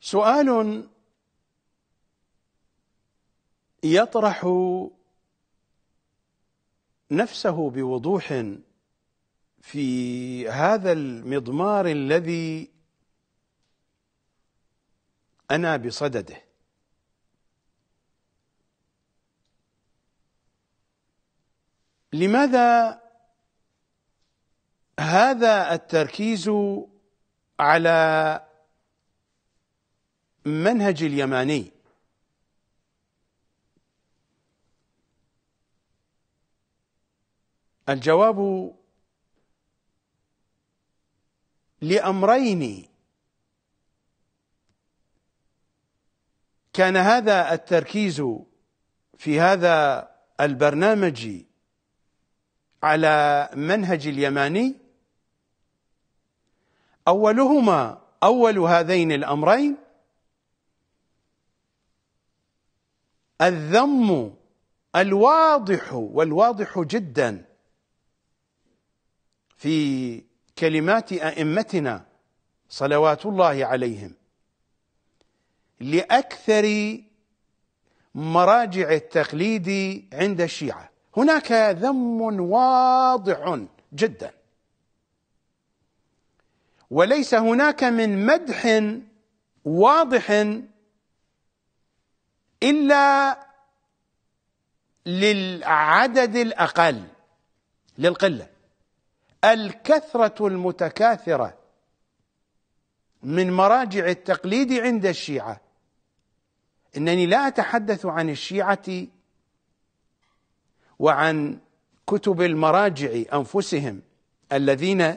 سؤال يطرح نفسه بوضوح في هذا المضمار الذي انا بصدده لماذا هذا التركيز على منهج اليماني الجواب لامرين كان هذا التركيز في هذا البرنامج على منهج اليماني اولهما اول هذين الامرين الذم الواضح والواضح جدا في كلمات ائمتنا صلوات الله عليهم لاكثر مراجع التقليد عند الشيعه هناك ذم واضح جدا وليس هناك من مدح واضح إلا للعدد الأقل للقلة الكثرة المتكاثرة من مراجع التقليد عند الشيعة إنني لا أتحدث عن الشيعة وعن كتب المراجع أنفسهم الذين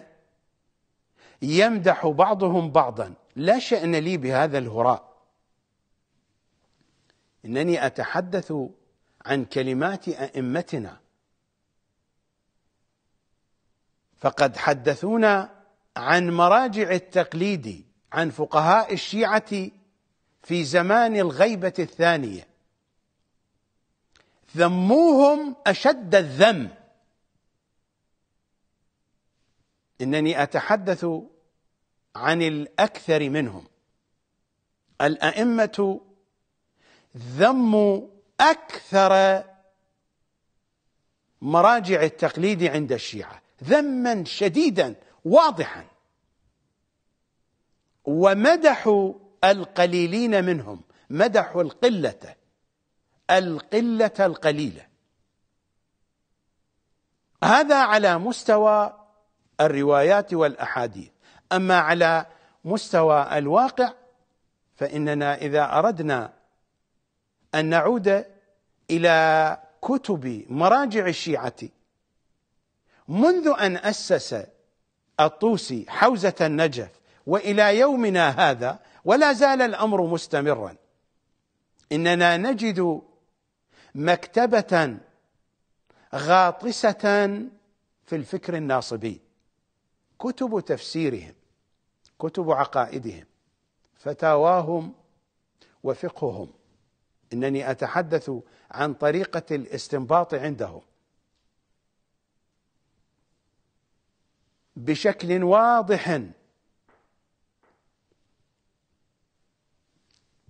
يمدح بعضهم بعضا لا شأن لي بهذا الهراء إنني أتحدث عن كلمات أئمتنا فقد حدثونا عن مراجع التقليد عن فقهاء الشيعة في زمان الغيبة الثانية ذموهم أشد الذم إنني أتحدث عن الأكثر منهم الأئمة ذموا أكثر مراجع التقليد عند الشيعة ذما شديدا واضحا ومدحوا القليلين منهم مدحوا القلة القلة القليلة هذا على مستوى الروايات والأحاديث أما على مستوى الواقع فإننا إذا أردنا أن نعود إلى كتب مراجع الشيعة منذ أن أسس الطوسي حوزة النجف وإلى يومنا هذا ولا زال الأمر مستمرا إننا نجد مكتبة غاطسة في الفكر الناصبي كتب تفسيرهم كتب عقائدهم فتاواهم وفقههم انني اتحدث عن طريقه الاستنباط عندهم بشكل واضح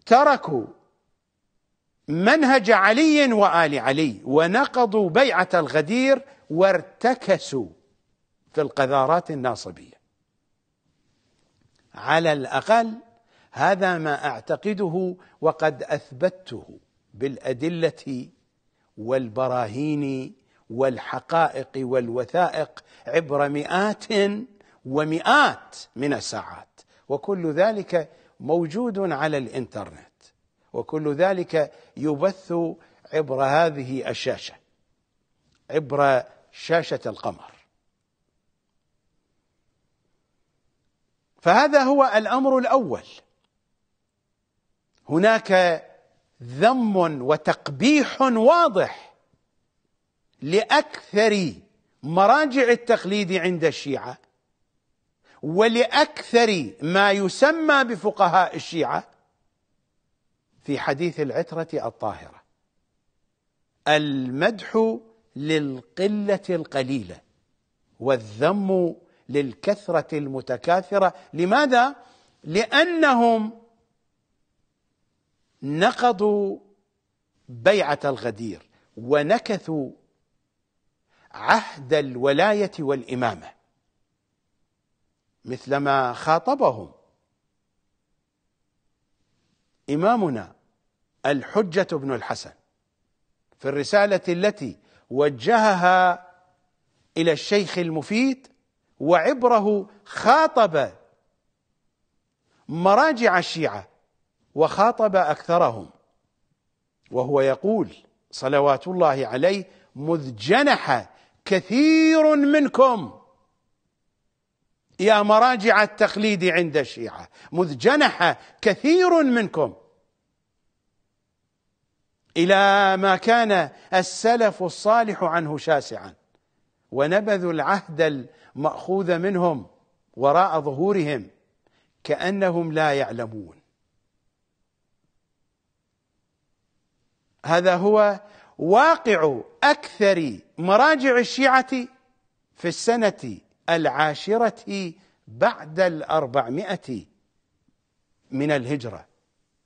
تركوا منهج علي وال علي ونقضوا بيعه الغدير وارتكسوا في القذارات الناصبيه على الاقل هذا ما اعتقده وقد اثبته بالادله والبراهين والحقائق والوثائق عبر مئات ومئات من الساعات وكل ذلك موجود على الانترنت وكل ذلك يبث عبر هذه الشاشه عبر شاشه القمر فهذا هو الامر الاول هناك ذم وتقبيح واضح لاكثر مراجع التقليد عند الشيعه ولاكثر ما يسمى بفقهاء الشيعه في حديث العتره الطاهره المدح للقله القليله والذم للكثره المتكاثره لماذا لانهم نقضوا بيعة الغدير ونكثوا عهد الولاية والإمامة مثلما خاطبهم إمامنا الحجة بن الحسن في الرسالة التي وجهها إلى الشيخ المفيد وعبره خاطب مراجع الشيعة وخاطب اكثرهم وهو يقول صلوات الله عليه مذ جنح كثير منكم يا مراجع التقليد عند الشيعه مذ جنح كثير منكم الى ما كان السلف الصالح عنه شاسعا ونبذوا العهد الماخوذ منهم وراء ظهورهم كانهم لا يعلمون هذا هو واقع اكثر مراجع الشيعه في السنه العاشره بعد الاربعمائه من الهجره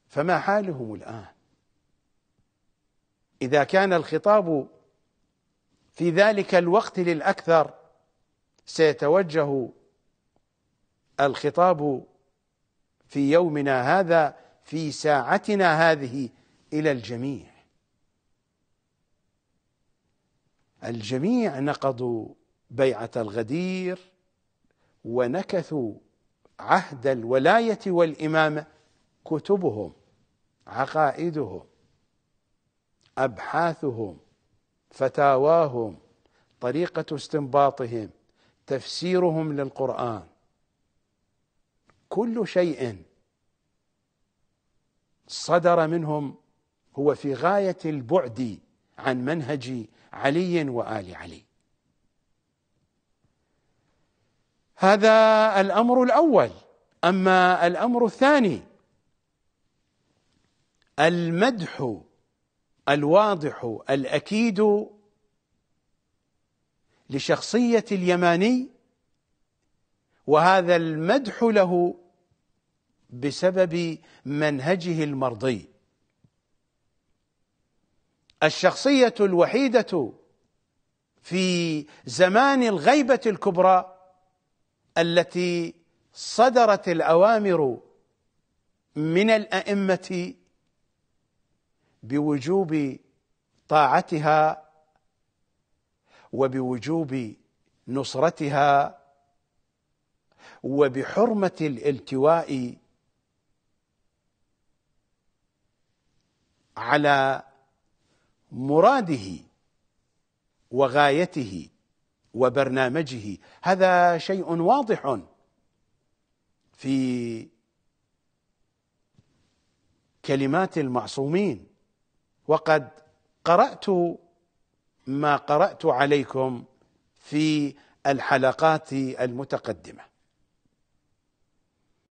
فما حالهم الان اذا كان الخطاب في ذلك الوقت للاكثر سيتوجه الخطاب في يومنا هذا في ساعتنا هذه الى الجميع الجميع نقضوا بيعة الغدير ونكثوا عهد الولاية والإمامة كتبهم عقائدهم أبحاثهم فتاواهم طريقة استنباطهم تفسيرهم للقرآن كل شيء صدر منهم هو في غاية البعد عن منهج علي وال علي هذا الامر الاول اما الامر الثاني المدح الواضح الاكيد لشخصيه اليماني وهذا المدح له بسبب منهجه المرضي الشخصية الوحيدة في زمان الغيبة الكبرى التي صدرت الأوامر من الأئمة بوجوب طاعتها وبوجوب نصرتها وبحرمة الالتواء على مراده وغايته وبرنامجه هذا شيء واضح في كلمات المعصومين وقد قرات ما قرات عليكم في الحلقات المتقدمه